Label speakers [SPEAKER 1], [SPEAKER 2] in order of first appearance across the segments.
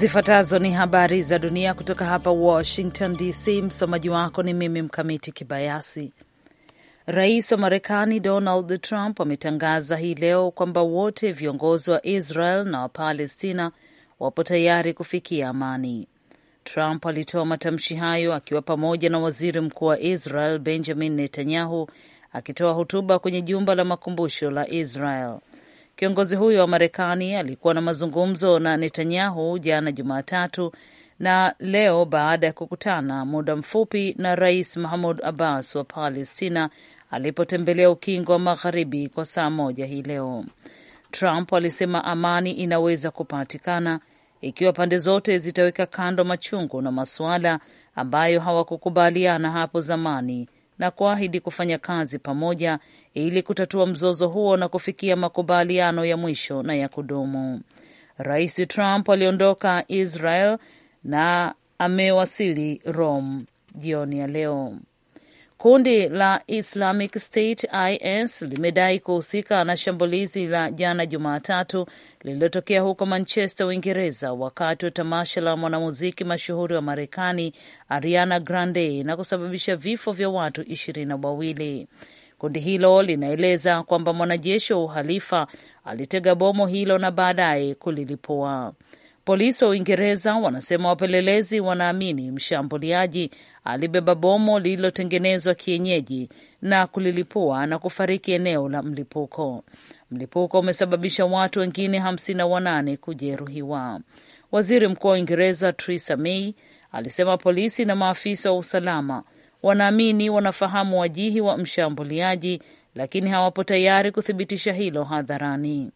[SPEAKER 1] Zifuatazo ni habari za dunia kutoka hapa Washington DC. Msomaji wako ni mimi Mkamiti Kibayasi. Rais wa Marekani Donald Trump ametangaza hii leo kwamba wote viongozi wa Israel na Wapalestina wapo tayari kufikia amani. Trump alitoa matamshi hayo akiwa pamoja na waziri mkuu wa Israel Benjamin Netanyahu akitoa hotuba kwenye jumba la makumbusho la Israel. Kiongozi huyo wa Marekani alikuwa na mazungumzo na Netanyahu jana Jumatatu na leo baada ya kukutana muda mfupi na Rais Mahmud Abbas wa Palestina alipotembelea Ukingo wa Magharibi kwa saa moja hii leo. Trump alisema amani inaweza kupatikana ikiwa pande zote zitaweka kando machungu na masuala ambayo hawakukubaliana hapo zamani na kuahidi kufanya kazi pamoja ili kutatua mzozo huo na kufikia makubaliano ya mwisho na ya kudumu. Rais Trump aliondoka Israel na amewasili Rome jioni ya leo. Kundi la Islamic State IS limedai kuhusika na shambulizi la jana Jumatatu lililotokea huko Manchester, Uingereza, wakati wa tamasha la mwanamuziki mashuhuri wa Marekani Ariana Grande na kusababisha vifo vya watu ishirini na wawili. Kundi hilo linaeleza kwamba mwanajeshi wa uhalifa alitega bomo hilo na baadaye kulilipua. Polisi wa Uingereza wanasema wapelelezi wanaamini mshambuliaji alibeba bomo lililotengenezwa kienyeji na kulilipua na kufariki eneo la mlipuko. Mlipuko umesababisha watu wengine hamsini na wanane kujeruhiwa. Waziri Mkuu wa Uingereza Theresa May alisema polisi na maafisa wa usalama wanaamini wanafahamu wajihi wa mshambuliaji, lakini hawapo tayari kuthibitisha hilo hadharani.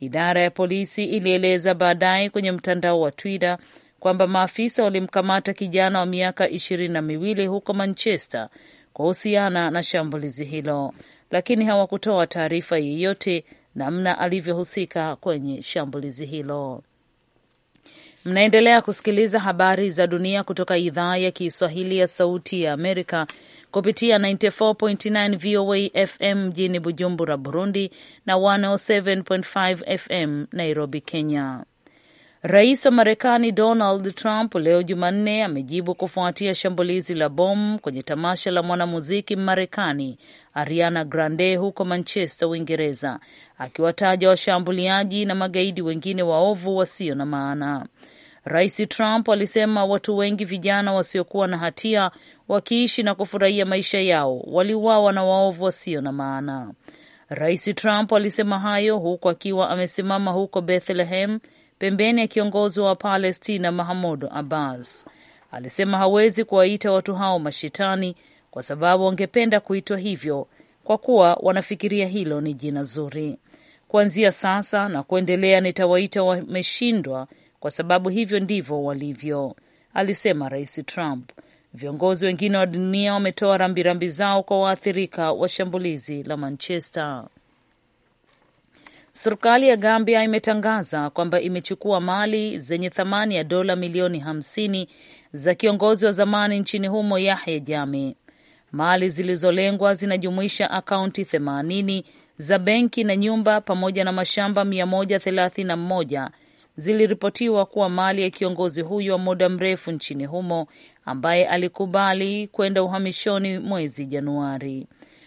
[SPEAKER 1] Idara ya polisi ilieleza baadaye kwenye mtandao wa Twitter kwamba maafisa walimkamata kijana wa miaka ishirini na miwili huko Manchester kuhusiana na shambulizi hilo, lakini hawakutoa taarifa yeyote namna alivyohusika kwenye shambulizi hilo. Mnaendelea kusikiliza habari za dunia kutoka idhaa ya Kiswahili ya Sauti ya Amerika kupitia 94.9 VOA FM mjini Bujumbura, Burundi na 107.5 FM Nairobi, Kenya. Rais wa Marekani Donald Trump leo Jumanne amejibu kufuatia shambulizi la bomu kwenye tamasha la mwanamuziki Marekani Ariana Grande huko Manchester, Uingereza, akiwataja washambuliaji na magaidi wengine waovu wasio na maana. Rais Trump alisema watu wengi vijana wasiokuwa na hatia wakiishi na kufurahia maisha yao waliuawa na waovu wasio na maana. Rais Trump alisema hayo huku akiwa amesimama huko Bethlehem pembeni ya kiongozi wa Palestina Mahamud Abbas. Alisema hawezi kuwaita watu hao mashetani kwa sababu wangependa kuitwa hivyo kwa kuwa wanafikiria hilo ni jina zuri. Kuanzia sasa na kuendelea, nitawaita wameshindwa, kwa sababu hivyo ndivyo walivyo, alisema Rais Trump. Viongozi wengine wa dunia wametoa rambirambi zao kwa waathirika wa shambulizi la Manchester. Serikali ya Gambia imetangaza kwamba imechukua mali zenye thamani ya dola milioni 50 za kiongozi wa zamani nchini humo Yahya jame Mali zilizolengwa zinajumuisha akaunti 80 za benki na nyumba pamoja na mashamba 131 ziliripotiwa kuwa mali ya kiongozi huyo wa muda mrefu nchini humo ambaye alikubali kwenda uhamishoni mwezi Januari.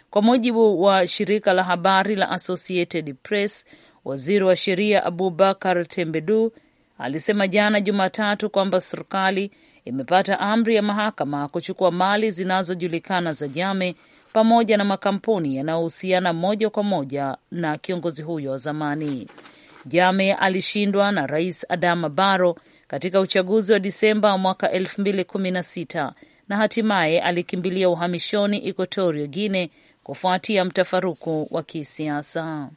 [SPEAKER 1] Kwa mujibu wa shirika la habari la Associated Press, waziri wa sheria Abubakar Tembedu alisema jana Jumatatu kwamba serikali imepata amri ya mahakama kuchukua mali zinazojulikana za Jame pamoja na makampuni yanayohusiana moja kwa moja na kiongozi huyo wa zamani. Jame alishindwa na Rais Adama Barrow katika uchaguzi wa Disemba mwaka 2016 na hatimaye alikimbilia uhamishoni Equatorio Guine kufuatia mtafaruku wa kisiasa.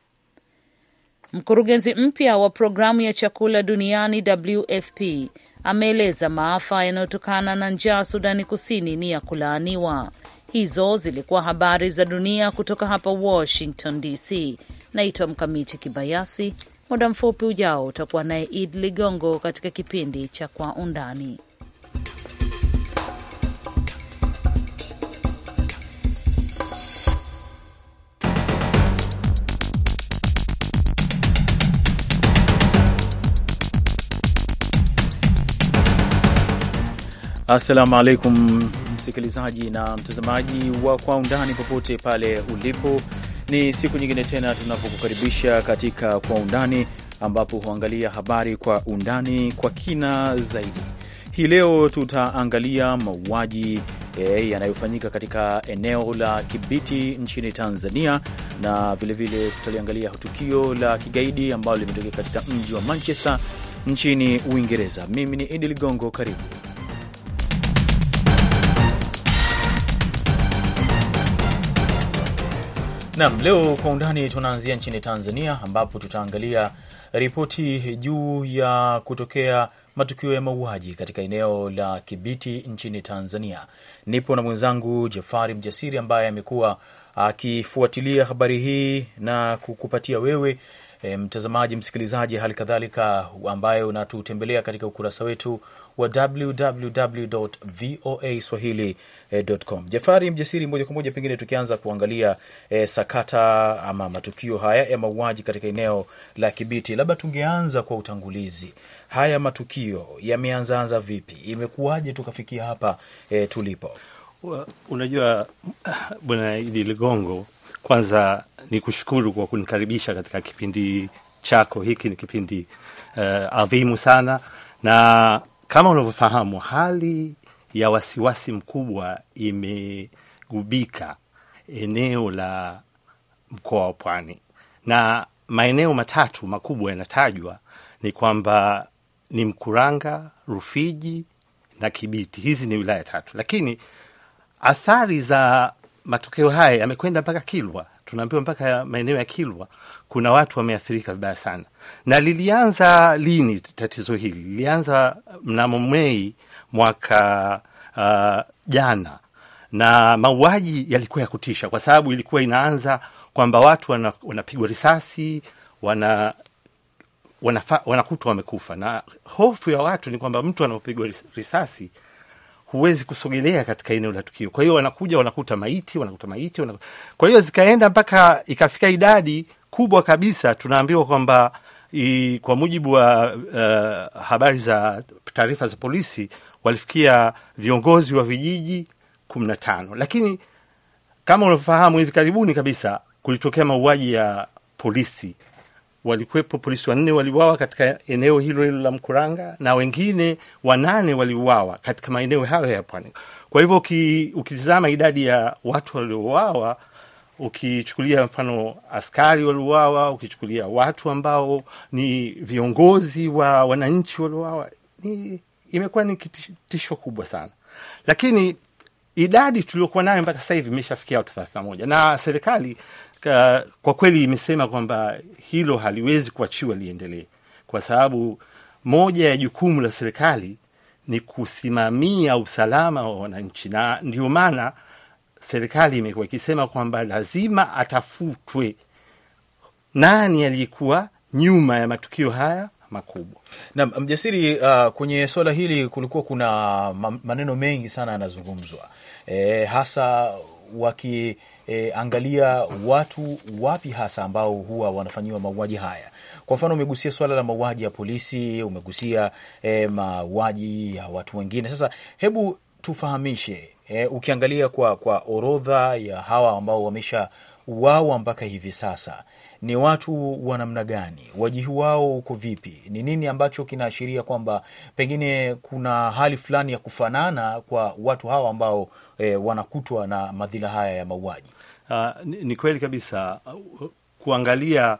[SPEAKER 1] Mkurugenzi mpya wa programu ya chakula duniani WFP ameeleza maafa yanayotokana na njaa Sudani Kusini ni ya kulaaniwa. Hizo zilikuwa habari za dunia kutoka hapa Washington DC. Naitwa Mkamiti Kibayasi. Muda mfupi ujao utakuwa naye Id Ligongo katika kipindi cha Kwa Undani.
[SPEAKER 2] Assalamu alaikum msikilizaji na mtazamaji wa Kwa Undani popote pale ulipo. Ni siku nyingine tena tunapokukaribisha katika Kwa Undani, ambapo huangalia habari kwa undani kwa kina zaidi. Hii leo tutaangalia mauaji eh, yanayofanyika katika eneo la Kibiti nchini Tanzania, na vilevile tutaliangalia tukio la kigaidi ambalo limetokea katika mji wa Manchester nchini Uingereza. Mimi ni Idi Ligongo, karibu nam leo kwa undani tunaanzia nchini Tanzania ambapo tutaangalia ripoti juu ya kutokea matukio ya mauaji katika eneo la Kibiti nchini Tanzania. Nipo na mwenzangu Jafari Mjasiri ambaye amekuwa akifuatilia habari hii na kukupatia wewe eh, mtazamaji, msikilizaji, hali kadhalika ambaye unatutembelea katika ukurasa wetu wa www voa swahili.com. Jafari Mjasiri, moja kwa moja pengine tukianza kuangalia eh, sakata ama matukio haya ya mauaji katika eneo la Kibiti, labda tungeanza kwa utangulizi. Haya matukio yameanzaanza vipi? Imekuwaje tukafikia hapa
[SPEAKER 3] eh, tulipo? Unajua Bwana Idi Ligongo, kwanza ni kushukuru kwa kunikaribisha katika kipindi chako hiki. Ni kipindi uh, adhimu sana na kama unavyofahamu, hali ya wasiwasi mkubwa imegubika eneo la mkoa wa Pwani na maeneo matatu makubwa yanatajwa ni kwamba ni Mkuranga, Rufiji na Kibiti. Hizi ni wilaya tatu, lakini athari za matokeo haya yamekwenda mpaka Kilwa, tunaambiwa mpaka maeneo ya Kilwa kuna watu wameathirika vibaya sana. Na lilianza lini tatizo hili? Lilianza mnamo Mei mwaka uh, jana, na mauaji yalikuwa ya kutisha, kwa sababu ilikuwa inaanza kwamba watu wanapigwa wana risasi wana wanakutwa wamekufa, na hofu ya watu ni kwamba mtu anaopigwa risasi huwezi kusogelea katika eneo la tukio. Kwa hiyo wanakuja wanakuta maiti, wanakuta maiti, wanakuta. Kwa hiyo zikaenda mpaka ikafika idadi kubwa kabisa tunaambiwa kwamba kwa mujibu wa uh, habari za taarifa za polisi walifikia viongozi wa vijiji kumi na tano, lakini kama unavyofahamu hivi karibuni kabisa kulitokea mauaji ya polisi. Walikuwepo polisi wanne waliuawa katika eneo hilo hilo la Mkuranga na wengine wanane waliuawa katika maeneo hayo ya pwani. Kwa hivyo ukitizama idadi ya watu waliouawa ukichukulia mfano askari waliuawa, ukichukulia watu ambao ni viongozi wa wananchi waliuawa, ni imekuwa ni kitisho kubwa sana, lakini idadi tuliokuwa nayo mpaka sasa hivi imeshafikia watu thelathini na moja na serikali kwa kweli imesema kwamba hilo haliwezi kuachiwa liendelee, kwa sababu moja ya jukumu la serikali ni kusimamia usalama wa wananchi, na ndio maana serikali imekuwa ikisema kwamba lazima atafutwe nani aliyekuwa nyuma ya matukio haya makubwa.
[SPEAKER 2] Na Mjasiri, uh, kwenye suala hili kulikuwa kuna maneno mengi sana yanazungumzwa, e, hasa wakiangalia e, watu wapi hasa ambao huwa wanafanyiwa mauaji haya. Kwa mfano umegusia swala la mauaji ya polisi, umegusia e, mauaji ya watu wengine. Sasa hebu tufahamishe E, ukiangalia kwa, kwa orodha ya hawa ambao wawa mpaka hivi sasa ni watu wa namna gani? Wajihi wao uko vipi? Ni nini ambacho kinaashiria kwamba pengine kuna hali fulani ya kufanana kwa
[SPEAKER 3] watu hawa ambao e, wanakutwa na madhila haya ya mauaji? Uh, ni, ni kweli kabisa uh, kuangalia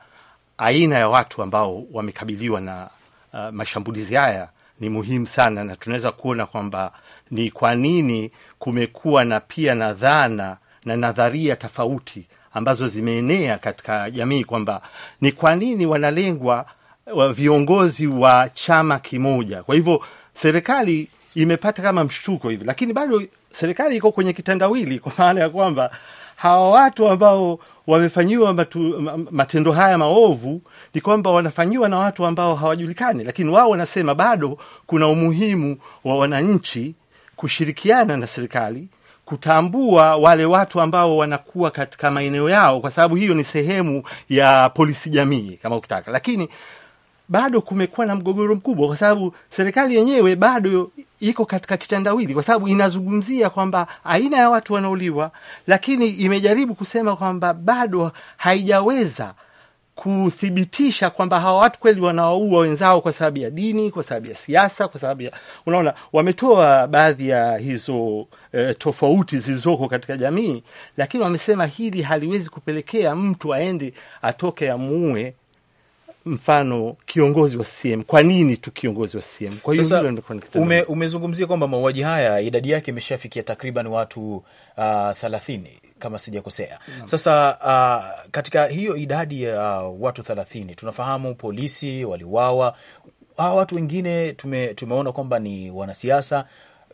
[SPEAKER 3] aina ya watu ambao wamekabiliwa na uh, mashambulizi haya ni muhimu sana, na tunaweza kuona kwamba ni kwa nini kumekuwa na pia na dhana na nadharia tofauti ambazo zimeenea katika jamii kwamba ni kwa nini wanalengwa wa viongozi wa chama kimoja. Kwa hivyo serikali imepata kama mshtuko hivi, lakini bado serikali iko kwenye kitandawili, kwa maana ya kwamba hawa watu ambao wamefanyiwa matendo haya maovu ni kwamba wanafanyiwa na watu ambao hawajulikani, lakini wao wanasema bado kuna umuhimu wa wananchi kushirikiana na serikali kutambua wale watu ambao wanakuwa katika maeneo yao, kwa sababu hiyo ni sehemu ya polisi jamii kama ukitaka. Lakini bado kumekuwa na mgogoro mkubwa, kwa sababu serikali yenyewe bado iko katika kitandawili, kwa sababu inazungumzia kwamba aina ya watu wanauliwa lakini imejaribu kusema kwamba bado haijaweza kuthibitisha kwamba hawa watu kweli wanawaua wenzao kwa sababu ya dini, kwa sababu ya siasa, kwa sababu ya unaona, wametoa baadhi ya hizo e, tofauti zilizoko katika jamii, lakini wamesema hili haliwezi kupelekea mtu aende atoke amuue mfano kiongozi wa CCM, kwa nini tu kiongozi wa CCM? Kwa hiyo ume, umezungumzia kwamba mauaji haya idadi yake
[SPEAKER 2] imeshafikia takriban watu uh, thelathini kama sijakosea. Sasa uh, katika hiyo idadi ya uh, watu thelathini tunafahamu polisi waliuawa, hawa watu wengine tume, tumeona kwamba ni wanasiasa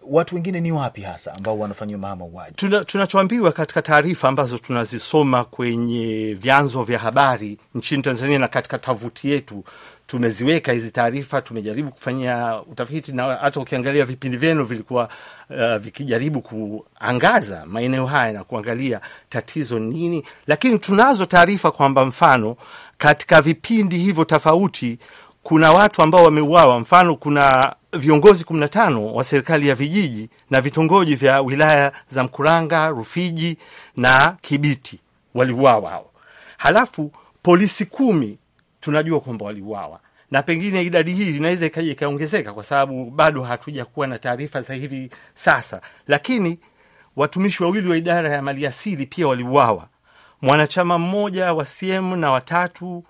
[SPEAKER 2] watu wengine ni wapi hasa ambao wanafanyiwa maa mauaji?
[SPEAKER 3] Tunachoambiwa tuna katika taarifa ambazo tunazisoma kwenye vyanzo vya habari nchini Tanzania na katika tovuti yetu tumeziweka hizi taarifa, tumejaribu kufanyia utafiti na hata ukiangalia vipindi vyenu vilikuwa uh, vikijaribu kuangaza maeneo haya na kuangalia tatizo nini, lakini tunazo taarifa kwamba mfano katika vipindi hivyo tofauti kuna watu ambao wameuawa. Mfano, kuna viongozi 15 wa serikali ya vijiji na vitongoji vya wilaya za Mkuranga, Rufiji na Kibiti waliuawa hao. Halafu polisi kumi tunajua kwamba waliuawa na pengine idadi hii inaweza ikaja ikaongezeka, kwa sababu bado hatuja kuwa na taarifa za hivi sasa. Lakini watumishi wawili wa idara ya maliasili pia waliuawa, mwanachama mmoja wa CM na watatu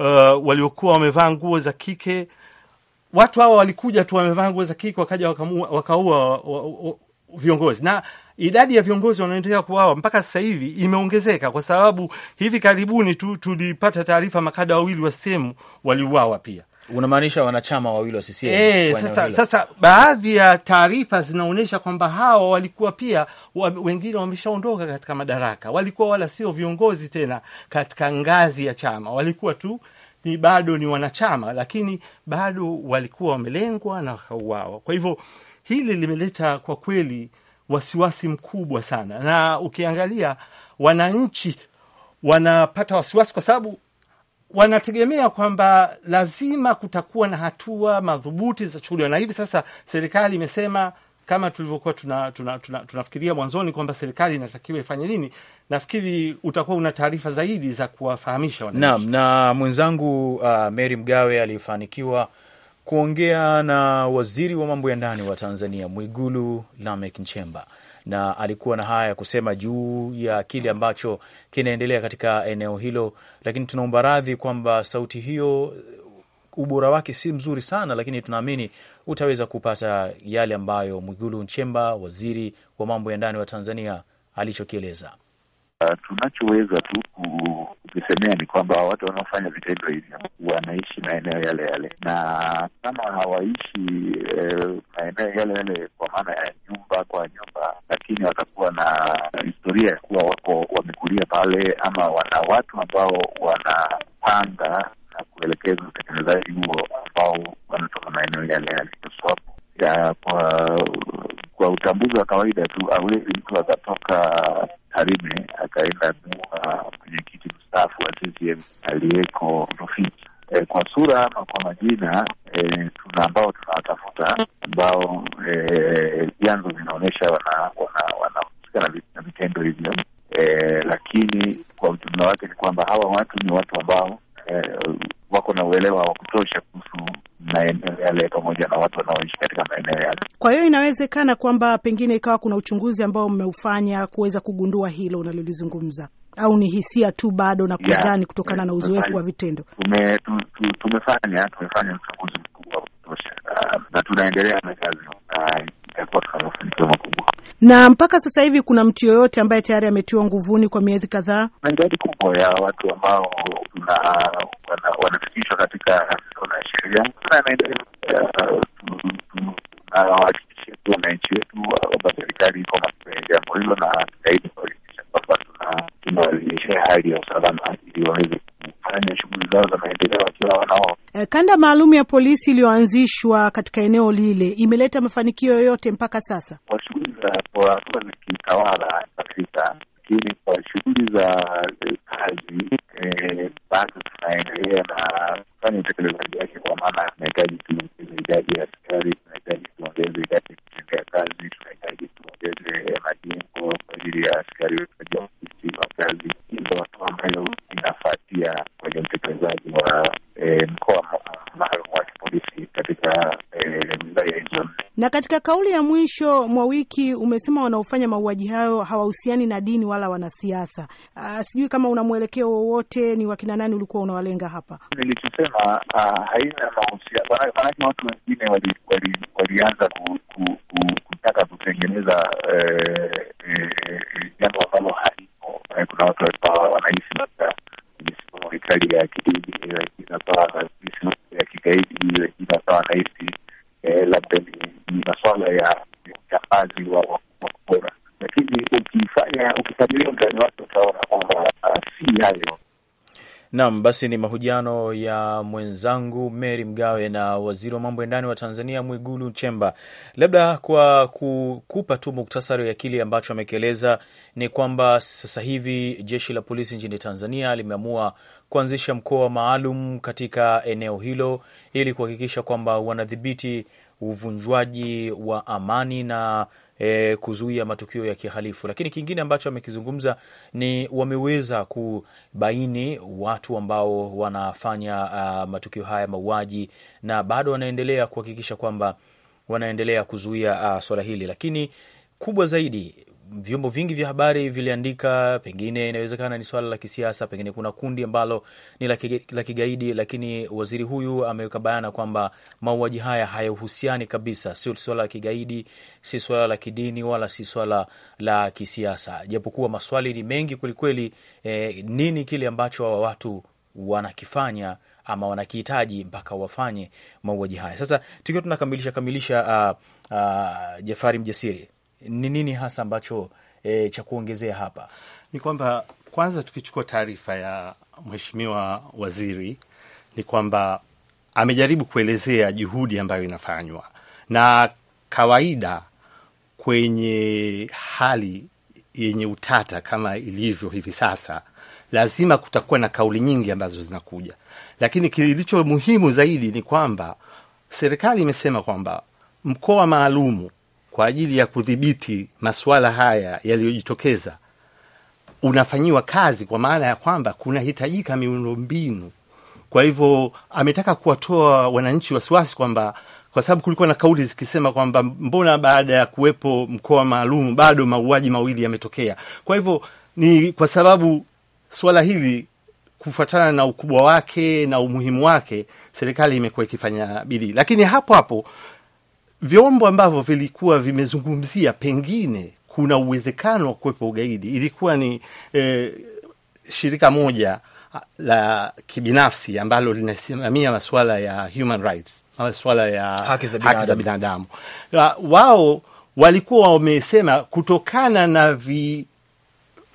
[SPEAKER 3] uh, waliokuwa wamevaa nguo za kike. Watu hawa walikuja tu wamevaa nguo za kike, wakaja wakaua, viongozi na idadi ya viongozi wanaendelea kuwawa mpaka sasa hivi imeongezeka, kwa sababu hivi karibuni tu tulipata taarifa makada wawili wa sehemu waliuawa pia. Unamaanisha wanachama wawili wa CCM? E, eh, sasa, sasa baadhi ya taarifa zinaonyesha kwamba hawa walikuwa pia wengine wameshaondoka katika madaraka, walikuwa wala sio viongozi tena katika ngazi ya chama, walikuwa tu ni bado ni wanachama, lakini bado walikuwa wamelengwa na wakauawa. Kwa hivyo hili limeleta kwa kweli wasiwasi mkubwa sana, na ukiangalia wananchi wanapata wasiwasi kwa sababu wanategemea kwamba lazima kutakuwa na hatua madhubuti zitachukuliwa, na hivi sasa serikali imesema kama tulivyokuwa tunafikiria tuna, tuna, tuna mwanzoni kwamba serikali inatakiwa ifanye nini. Nafikiri utakuwa una taarifa zaidi za kuwafahamisha wananchi.
[SPEAKER 2] Naam, na mwenzangu uh, Mary Mgawe alifanikiwa kuongea na waziri wa mambo ya ndani wa Tanzania Mwigulu Lamek Nchemba na alikuwa na haya ya kusema juu ya kile ambacho kinaendelea katika eneo hilo, lakini tunaomba radhi kwamba sauti hiyo ubora wake si mzuri sana, lakini tunaamini utaweza kupata yale ambayo Mwigulu Nchemba, waziri wa mambo ya ndani wa Tanzania, alichokieleza.
[SPEAKER 4] Uh, tunachoweza tu kuvisemea ni kwamba watu wanaofanya vitendo hivyo wanaishi maeneo yale yale, na kama hawaishi eh, maeneo yale yale kwa maana ya nyumba kwa nyumba, lakini watakuwa na historia ya kuwa wako wamekulia pale, ama wana watu ambao wanapanga na kuelekeza utekelezaji huo ambao wanatoka maeneo yale yale kwa sababu ya kwa, kwa utambuzi wa kawaida tu awezi mtu akatoka Tarime akaenda mua mwenyekiti mstaafu wa CCM aliyeko Rufiji. E, kwa sura ama kwa majina e, tuna ambao tunawatafuta ambao e, vyanzo e, vinaonyesha wanahusika wana, wana, na vitendo hivyo e, lakini kwa ujumla wake ni kwamba hawa watu ni watu ambao eh, wako na uelewa wa kutosha kuhusu maeneo yale pamoja na watu wanaoishi katika maeneo yale.
[SPEAKER 5] Kwa hiyo inawezekana kwamba pengine ikawa kuna uchunguzi ambao mmeufanya kuweza kugundua hilo unalolizungumza au ni hisia tu bado na kudhani yeah, kutokana na uzoefu wa vitendo?
[SPEAKER 4] Tume, tu, tu, tumefanya tumefanya uchunguzi mkubwa wa kutosha, uh, na tunaendelea na kazi uh, itakuwa mafanikio makubwa.
[SPEAKER 5] Na mpaka sasa hivi kuna mtu yoyote ambaye tayari ametiwa nguvuni kwa miezi kadhaa?
[SPEAKER 4] Na idadi kubwa ya watu ambao wanafikishwa katika kona ya sheria nawahakikishia tu wananchi wetu kwamba serikali iko makini jambo hilo, na zaidi kuhakikisha kwamba tunaimarisha hali ya usalama ili waweze kufanya shughuli zao za maendeleo wakiwa wanao.
[SPEAKER 5] Eh, kanda maalum ya polisi iliyoanzishwa katika eneo lile imeleta mafanikio yoyote mpaka sasa
[SPEAKER 4] kwa shughuli za hatua za kiutawala Afrika, lakini kwa shughuli za eh, kazi eh, bado tunaendelea na kufanya utekelezaji wake kwa maana
[SPEAKER 5] Katika kauli ya mwisho mwa wiki umesema wanaofanya mauaji hayo hawahusiani na dini wala wanasiasa. Uh, sijui kama una mwelekeo wowote, ni wakina nani ulikuwa unawalenga hapa?
[SPEAKER 4] Nilichosema uh, ah, haina mahusiano, maanake watu wengine walianza kutaka kutengeneza jambo eh, eh, eh ambalo halipo. Eh, kuna watu wanaishi labda misimamo mikali ya kidini, wengine wakawa misimamo ya kigaidi, wengine wakawa wanaishi eh, labda ni ni masuala ya utakazi wa wakora, lakini ukifanya ukifuatilia mtani wake utaona kwamba ah, si
[SPEAKER 2] hayo. Naam, basi ni mahojiano ya mwenzangu Mary Mgawe na waziri wa mambo ya ndani wa Tanzania Mwigulu Chemba. Labda kwa kukupa tu muktasari ya kile ambacho amekieleza ni kwamba sasa hivi jeshi la polisi nchini Tanzania limeamua kuanzisha mkoa maalum katika eneo hilo ili kuhakikisha kwamba wanadhibiti uvunjwaji wa amani na e, kuzuia matukio ya kihalifu. Lakini kingine ambacho amekizungumza ni wameweza kubaini watu ambao wanafanya uh, matukio haya mauaji, na bado wanaendelea kuhakikisha kwamba wanaendelea kuzuia ah, swala hili, lakini kubwa zaidi vyombo vingi vya habari viliandika, pengine inawezekana ni swala la kisiasa, pengine kuna kundi ambalo ni la kigaidi, lakini waziri huyu ameweka bayana kwamba mauaji haya hayahusiani kabisa, sio swala la kigaidi, si swala la kidini, wala si swala la kisiasa, japokuwa maswali ni mengi kwelikweli. Eh, nini kile ambacho hawa watu wanakifanya ama wanakihitaji mpaka wafanye mauaji haya? Sasa tukiwa tunakamilisha kamilisha, uh, uh, Jafari Mjasiri ni
[SPEAKER 3] nini hasa ambacho e, cha kuongezea hapa ni kwamba kwanza, tukichukua taarifa ya mheshimiwa waziri ni kwamba amejaribu kuelezea juhudi ambayo inafanywa, na kawaida kwenye hali yenye utata kama ilivyo hivi sasa, lazima kutakuwa na kauli nyingi ambazo zinakuja, lakini kilicho muhimu zaidi ni kwamba serikali imesema kwamba mkoa maalumu kwa ajili ya kudhibiti masuala haya yaliyojitokeza unafanyiwa kazi, kwa maana ya kwamba kunahitajika miundombinu. Kwa hivyo ametaka kuwatoa wananchi wasiwasi kwamba kwa sababu kulikuwa na kauli zikisema kwamba mbona baada ya kuwepo mkoa maalum bado mauaji mawili yametokea. Kwa hivyo ni kwa sababu suala hili kufuatana na ukubwa wake na umuhimu wake, serikali imekuwa ikifanya bidii, lakini hapo hapo vyombo ambavyo vilikuwa vimezungumzia pengine kuna uwezekano wa kuwepo ugaidi ilikuwa ni e, shirika moja la kibinafsi ambalo linasimamia masuala ya human rights, masuala ya haki za binadamu. Wao walikuwa wamesema kutokana na vi,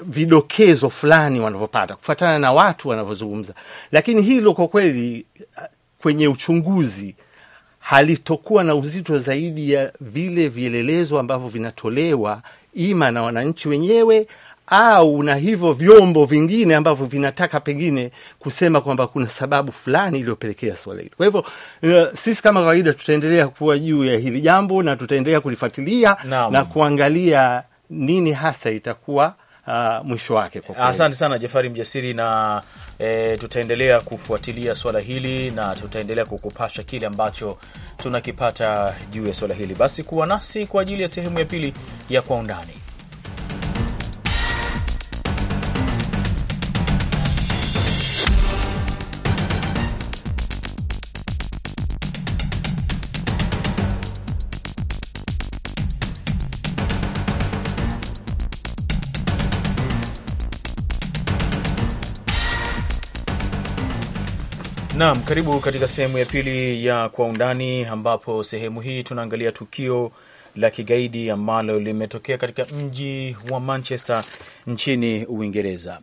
[SPEAKER 3] vidokezo fulani wanavyopata kufuatana na watu wanavyozungumza, lakini hilo kwa kweli eh, kwenye uchunguzi halitokuwa na uzito zaidi ya vile vielelezo ambavyo vinatolewa ima na wananchi wenyewe au na hivyo vyombo vingine ambavyo vinataka pengine kusema kwamba kuna sababu fulani iliyopelekea swala hili. Kwa hivyo uh, sisi kama kawaida tutaendelea kuwa juu ya hili jambo na tutaendelea kulifuatilia na kuangalia nini hasa itakuwa uh, mwisho wake. Asante sana Jafari Mjasiri,
[SPEAKER 2] na e, tutaendelea kufuatilia swala hili na tutaendelea kukupasha kile ambacho tunakipata juu ya swala hili. Basi kuwa nasi kwa ajili ya sehemu ya pili ya Kwa Undani. Naam, karibu katika sehemu ya pili ya Kwa Undani, ambapo sehemu hii tunaangalia tukio la kigaidi ambalo limetokea katika mji wa Manchester nchini Uingereza.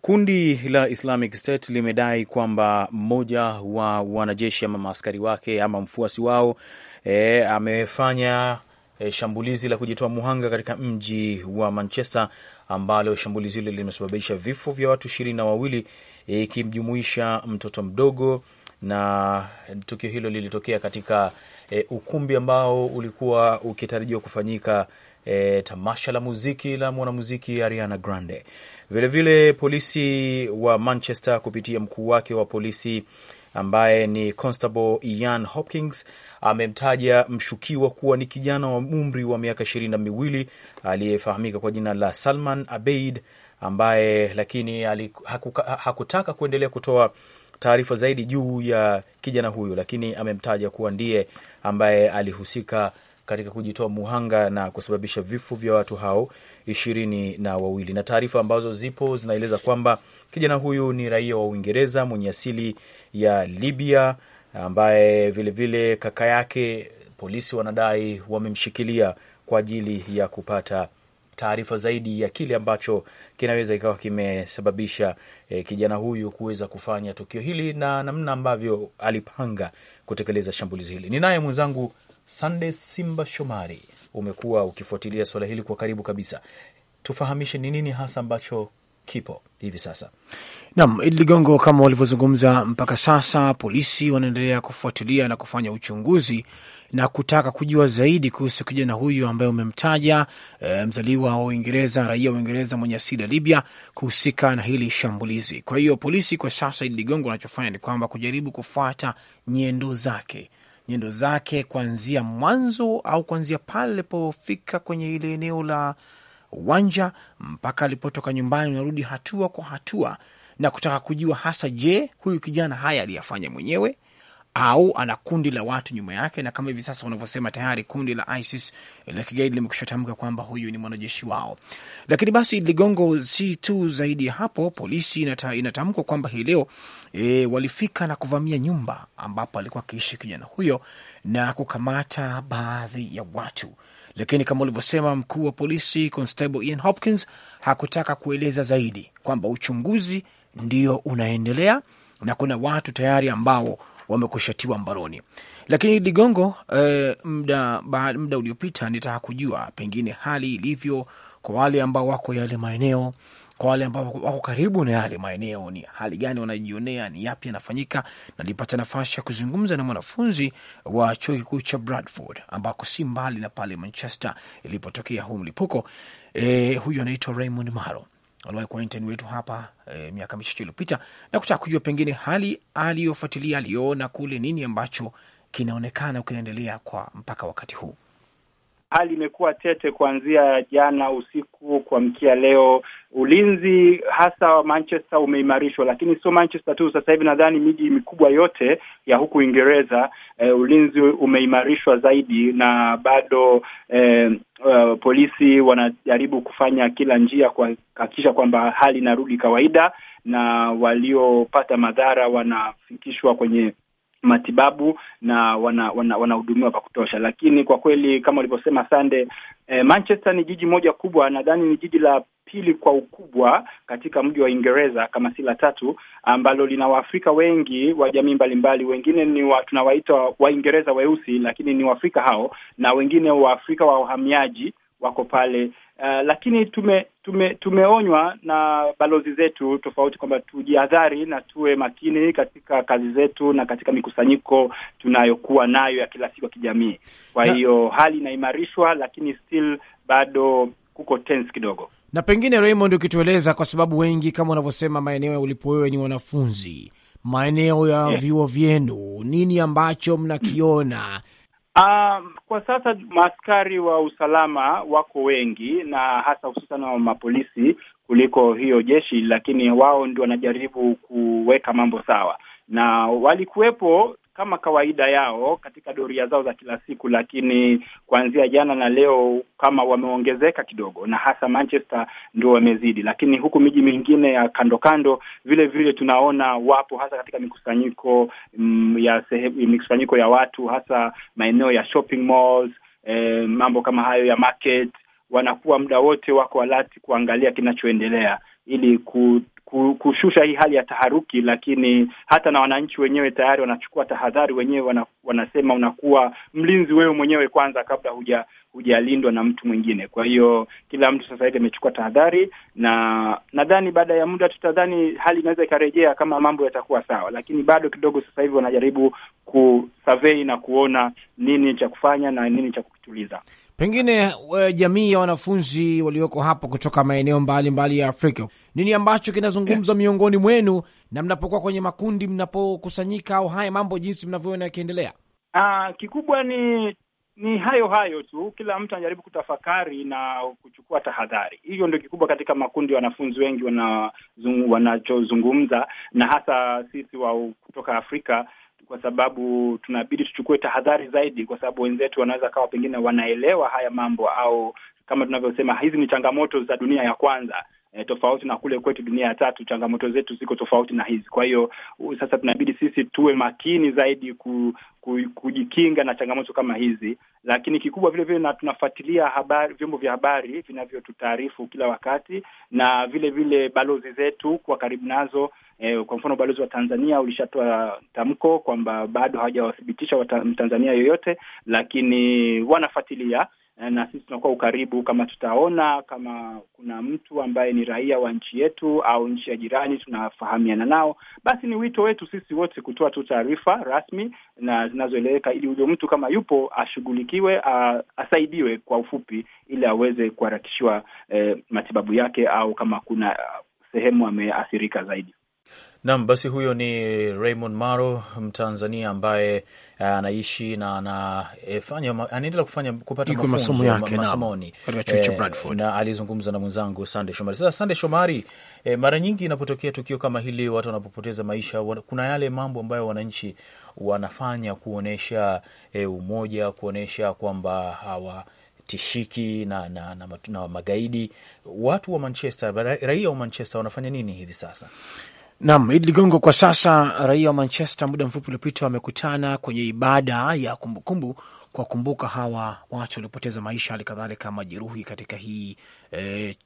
[SPEAKER 2] Kundi la Islamic State limedai kwamba mmoja wa wanajeshi ama maaskari wake ama mfuasi wao e, amefanya e, shambulizi la kujitoa muhanga katika mji wa Manchester ambalo shambulizi hilo limesababisha vifo vya watu ishirini na wawili eh, ikimjumuisha e, mtoto mdogo na tukio hilo lilitokea katika e, ukumbi ambao ulikuwa ukitarajiwa kufanyika e, tamasha la muziki la mwanamuziki Ariana Grande. Vilevile vile polisi wa Manchester kupitia mkuu wake wa polisi ambaye ni Constable Ian Hopkins amemtaja mshukiwa kuwa ni kijana wa umri wa miaka ishirini na miwili aliyefahamika kwa jina la Salman Abeid ambaye lakini hakutaka kuendelea kutoa taarifa zaidi juu ya kijana huyu, lakini amemtaja kuwa ndiye ambaye alihusika katika kujitoa muhanga na kusababisha vifo vya watu hao ishirini na wawili, na taarifa ambazo zipo zinaeleza kwamba kijana huyu ni raia wa Uingereza mwenye asili ya Libya ambaye vilevile vile kaka yake polisi wanadai wamemshikilia kwa ajili ya kupata taarifa zaidi ya kile ambacho kinaweza ikawa kimesababisha e, kijana huyu kuweza kufanya tukio hili na namna ambavyo alipanga kutekeleza shambulizi hili. Ni naye mwenzangu sande Simba Shomari, umekuwa ukifuatilia suala hili kwa karibu kabisa, tufahamishe ni nini hasa ambacho kipo hivi sasa.
[SPEAKER 6] Naam, Idi Ligongo, kama walivyozungumza, mpaka sasa polisi wanaendelea kufuatilia na kufanya uchunguzi na kutaka kujua zaidi kuhusu kijana huyu ambaye umemtaja, e, mzaliwa wa Uingereza, raia wa Uingereza mwenye asili ya Libya, kuhusika na hili shambulizi. Kwa hiyo polisi kwa sasa, Idi Ligongo, wanachofanya ni kwamba kujaribu kufuata nyendo zake nyendo zake kuanzia mwanzo au kuanzia pale alipofika kwenye ile eneo la uwanja mpaka alipotoka nyumbani, unarudi hatua kwa hatua na kutaka kujua hasa, je, huyu kijana haya aliyafanya mwenyewe au ana kundi la watu nyuma yake, na kama hivi sasa wanavyosema tayari kundi la ISIS eh, la kigaidi limekushatamka kwamba huyu ni mwanajeshi wao. Lakini basi Ligongo, si tu zaidi ya hapo, polisi inata, inatamkwa kwamba hii leo e, walifika na kuvamia nyumba ambapo alikuwa akiishi kijana huyo na kukamata baadhi ya watu lakini kama ulivyosema mkuu wa polisi Constable Ian Hopkins hakutaka kueleza zaidi kwamba uchunguzi ndio unaendelea na kuna watu tayari ambao wamekushatiwa mbaroni. Lakini Digongo, eh, muda muda uliopita nitaka kujua pengine hali ilivyo kwa wale ambao wako yale maeneo, kwa wale ambao wako karibu na yale maeneo, ni hali gani wanajionea, ni yapi yanafanyika. lipata nafasi ya kuzungumza na mwanafunzi wa chuo kikuu cha Bradford ambako si mbali na pale Manchester ilipotokea huu mlipuko. E, huyu anaitwa Raymond Maro aliwahi kuwa intern wetu hapa e, miaka michache iliyopita, na kutaka kujua pengine hali aliyofuatilia aliyoona kule, nini ambacho kinaonekana kinaendelea kwa mpaka wakati huu.
[SPEAKER 7] Hali imekuwa tete kuanzia jana usiku kuamkia leo. Ulinzi hasa wa Manchester umeimarishwa, lakini sio Manchester tu. Sasa hivi nadhani miji mikubwa yote ya huku Uingereza eh, ulinzi umeimarishwa zaidi, na bado eh, uh, polisi wanajaribu kufanya kila njia kuhakikisha kwamba hali inarudi kawaida na waliopata madhara wanafikishwa kwenye matibabu na wanahudumiwa wana, wana kwa kutosha. Lakini kwa kweli kama ulivyosema Sande, eh, Manchester ni jiji moja kubwa, nadhani ni jiji la pili kwa ukubwa katika mji wa Uingereza kama si la tatu, ambalo lina Waafrika wengi wa jamii mbalimbali. Wengine ni wa, tunawaita Waingereza weusi, lakini ni Waafrika hao na wengine Waafrika wa uhamiaji wako pale uh, lakini tume, tume, tumeonywa na balozi zetu tofauti kwamba tujihadhari na tuwe makini katika kazi zetu na katika mikusanyiko tunayokuwa nayo ya kila siku ya kijamii. Kwa hiyo hali inaimarishwa, lakini still bado kuko tense kidogo.
[SPEAKER 6] Na pengine Raymond, ukitueleza kwa sababu wengi kama unavyosema maeneo ya ulipo wewe ni wanafunzi, maeneo ya yeah, vyuo vyenu, nini ambacho mnakiona
[SPEAKER 7] Um, kwa sasa maaskari wa usalama wako wengi na hasa hususan wa mapolisi kuliko hiyo jeshi, lakini wao ndio wanajaribu kuweka mambo sawa, na walikuwepo kama kawaida yao katika doria zao za kila siku, lakini kuanzia jana na leo kama wameongezeka kidogo, na hasa Manchester ndio wamezidi, lakini huku miji mingine ya kando kando vile vile tunaona wapo, hasa katika mikusanyiko mm, ya sehemu, mikusanyiko ya watu hasa maeneo ya shopping malls, eh, mambo kama hayo ya market, wanakuwa muda wote wako alati kuangalia kinachoendelea ili ku, ku, kushusha hii hali ya taharuki, lakini hata na wananchi wenyewe tayari wanachukua tahadhari wenyewe wana, wanasema unakuwa mlinzi wewe mwenyewe kwanza kabla huja hujalindwa na mtu mwingine. Kwa hiyo kila mtu sasa hivi amechukua tahadhari, na nadhani baada ya muda tutadhani hali inaweza ikarejea kama mambo yatakuwa sawa, lakini bado kidogo sasa hivi wanajaribu kusurvey na kuona nini cha kufanya na nini cha kukituliza.
[SPEAKER 6] Pengine we, jamii ya wanafunzi walioko hapa kutoka maeneo mbalimbali ya Afrika, nini ambacho kinazungumzwa yeah, miongoni mwenu na mnapokuwa kwenye makundi, mnapokusanyika au haya mambo jinsi mnavyoona yakiendelea? Uh,
[SPEAKER 7] kikubwa ni ni hayo hayo tu, kila mtu anajaribu kutafakari na kuchukua tahadhari. Hiyo ndio kikubwa katika makundi ya wanafunzi wengi wanachozungumza, wana na hasa sisi wa kutoka Afrika, kwa sababu tunabidi tuchukue tahadhari zaidi, kwa sababu wenzetu wanaweza kawa pengine wanaelewa haya mambo, au kama tunavyosema, hizi ni changamoto za dunia ya kwanza. E, tofauti na kule kwetu dunia ya tatu, changamoto zetu ziko tofauti na hizi. Kwa hiyo sasa tunabidi sisi tuwe makini zaidi ku, kujikinga na changamoto kama hizi, lakini kikubwa vile vile na tunafuatilia habari, vyombo vya habari vinavyotutaarifu kila wakati, na vile vile balozi zetu kuwa karibu nazo. E, kwa mfano ubalozi wa Tanzania ulishatoa tamko kwamba bado hawajawathibitisha Mtanzania yoyote, lakini wanafuatilia Eh, na sisi tunakuwa ukaribu, kama tutaona kama kuna mtu ambaye ni raia wa nchi yetu au nchi ya jirani tunafahamiana nao, basi ni wito wetu sisi wote kutoa tu taarifa rasmi na zinazoeleweka, ili huyo mtu kama yupo ashughulikiwe, asaidiwe kwa ufupi, ili aweze kuharakishiwa eh, matibabu yake au kama kuna sehemu ameathirika zaidi.
[SPEAKER 2] Nam, basi huyo ni Raymond Maro, Mtanzania ambaye eh, anaishi na anafanya anaendelea kufanya kupata masomo yake masomoni eh, na alizungumza na mwenzangu Sande Shomari. Sasa Sande Shomari, e, mara nyingi inapotokea tukio kama hili, watu wanapopoteza maisha, kuna yale mambo ambayo wananchi wanafanya kuonyesha e, umoja, kuonyesha kwamba hawa tishiki na, na, na, na, na magaidi. Watu wa Manchester, raia wa Manchester wanafanya nini hivi sasa? Naam,
[SPEAKER 6] Id Ligongo. Kwa sasa raia wa Manchester muda mfupi uliopita wamekutana kwenye ibada ya kumbukumbu kuwakumbuka hawa watu waliopoteza maisha, hali kadhalika majeruhi katika hii e,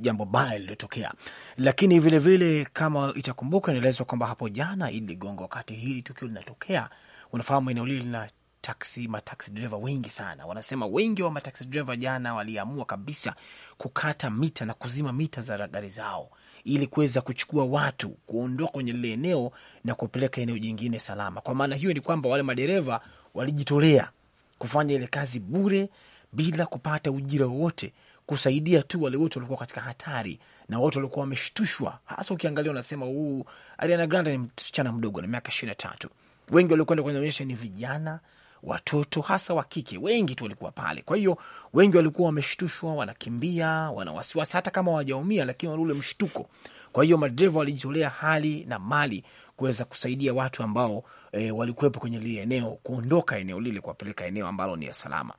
[SPEAKER 6] jambo baya lililotokea. Lakini vilevile vile, kama itakumbuka, inaelezwa kwamba hapo jana, id Ligongo, wakati hili tukio linatokea, unafahamu eneo lili lina taxi mataxi driver wengi sana wanasema, wengi wa mataxi driver jana waliamua kabisa kukata mita na kuzima mita za gari zao ili kuweza kuchukua watu kuondoka kwenye lile eneo na kupeleka eneo jingine salama. Kwa maana hiyo ni kwamba wale madereva walijitolea kufanya ile kazi bure bila kupata ujira wowote, kusaidia tu wale wote walikuwa katika hatari na watu walikuwa wameshtushwa. Hasa ukiangalia unasema, huu Ariana Grande ni msichana mdogo na miaka ishirini na tatu. Wengi waliokwenda kwenye onyesho ni vijana watoto hasa wa kike wengi tu walikuwa pale. Kwa hiyo wengi walikuwa wameshtushwa, wanakimbia, wana wasiwasi, hata kama hawajaumia, lakini wana ule mshtuko. Kwa hiyo madereva walijitolea hali na mali kuweza kusaidia watu ambao e, walikuwepo kwenye lile eneo kuondoka eneo lile, kuwapeleka eneo ambalo ni ya salama.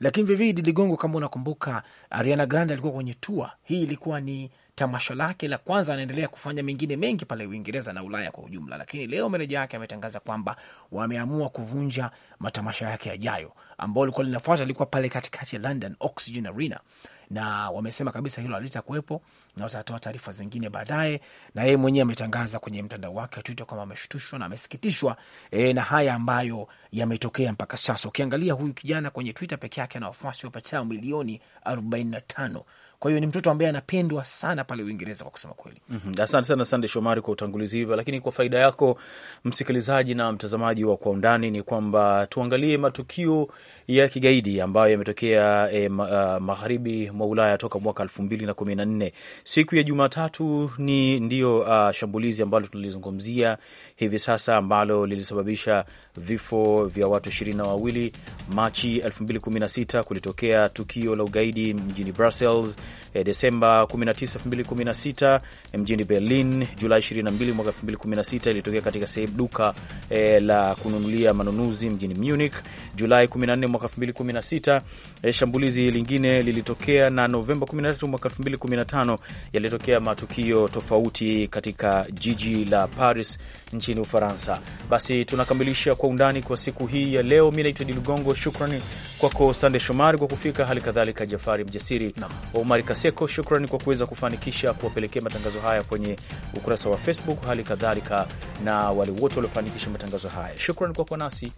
[SPEAKER 6] Lakini vividi ligongo, kama unakumbuka, Ariana Grande alikuwa kwenye tua hii, ilikuwa ni tamasha lake la kwanza, anaendelea kufanya mengine mengi pale Uingereza na Ulaya kwa ujumla, lakini leo meneja yake ametangaza kwamba wameamua kuvunja matamasha yake yajayo, ambao likuwa linafuata likuwa pale katikati ya London, Oxygen Arena na wamesema kabisa hilo halitakuwepo na watatoa taarifa zingine baadaye. Na yeye mwenyewe ametangaza kwenye mtandao wake wa Twitter kwamba ameshtushwa na amesikitishwa e, na haya ambayo yametokea mpaka sasa. Ukiangalia huyu kijana kwenye Twitter peke yake ana wafuasi wapatao milioni 45 kwa hiyo ni mtoto ambaye anapendwa sana pale Uingereza kwa kusema kweli.
[SPEAKER 2] mm -hmm. Asante sana Sande Shomari kwa utangulizi hivyo, lakini kwa faida yako msikilizaji na mtazamaji wa Kwa Undani ni kwamba tuangalie matukio ya kigaidi ambayo yametokea eh, ma, uh, magharibi mwa Ulaya toka mwaka elfu mbili na kumi na nne. Siku ya Jumatatu ni ndiyo uh, ah, shambulizi ambalo tunalizungumzia hivi sasa ambalo lilisababisha vifo vya watu ishirini na wawili. Machi elfu mbili kumi na sita kulitokea tukio la ugaidi mjini Brussels e, Desemba 19, 2016 eh, mjini Berlin. Julai 22 mwaka 2016 ilitokea katika sehemu duka e, la kununulia manunuzi mjini Munich. Julai 14 mwaka 2016 e, shambulizi lingine lilitokea, na Novemba 13 mwaka 2015 yalitokea matukio tofauti katika jiji la Paris nchini Ufaransa. Basi tunakamilisha kwa undani kwa siku hii ya leo. Mi naitwa Idi Ligongo, shukrani kwako Sande Shomari kwa kufika, hali kadhalika Jafari Mjasiri wa Omari Kaseko, shukrani kwa kuweza kufanikisha kuwapelekea matangazo haya kwenye ukurasa wa Facebook, hali kadhalika na wale wote waliofanikisha matangazo haya, shukrani kwa kuwa nasi.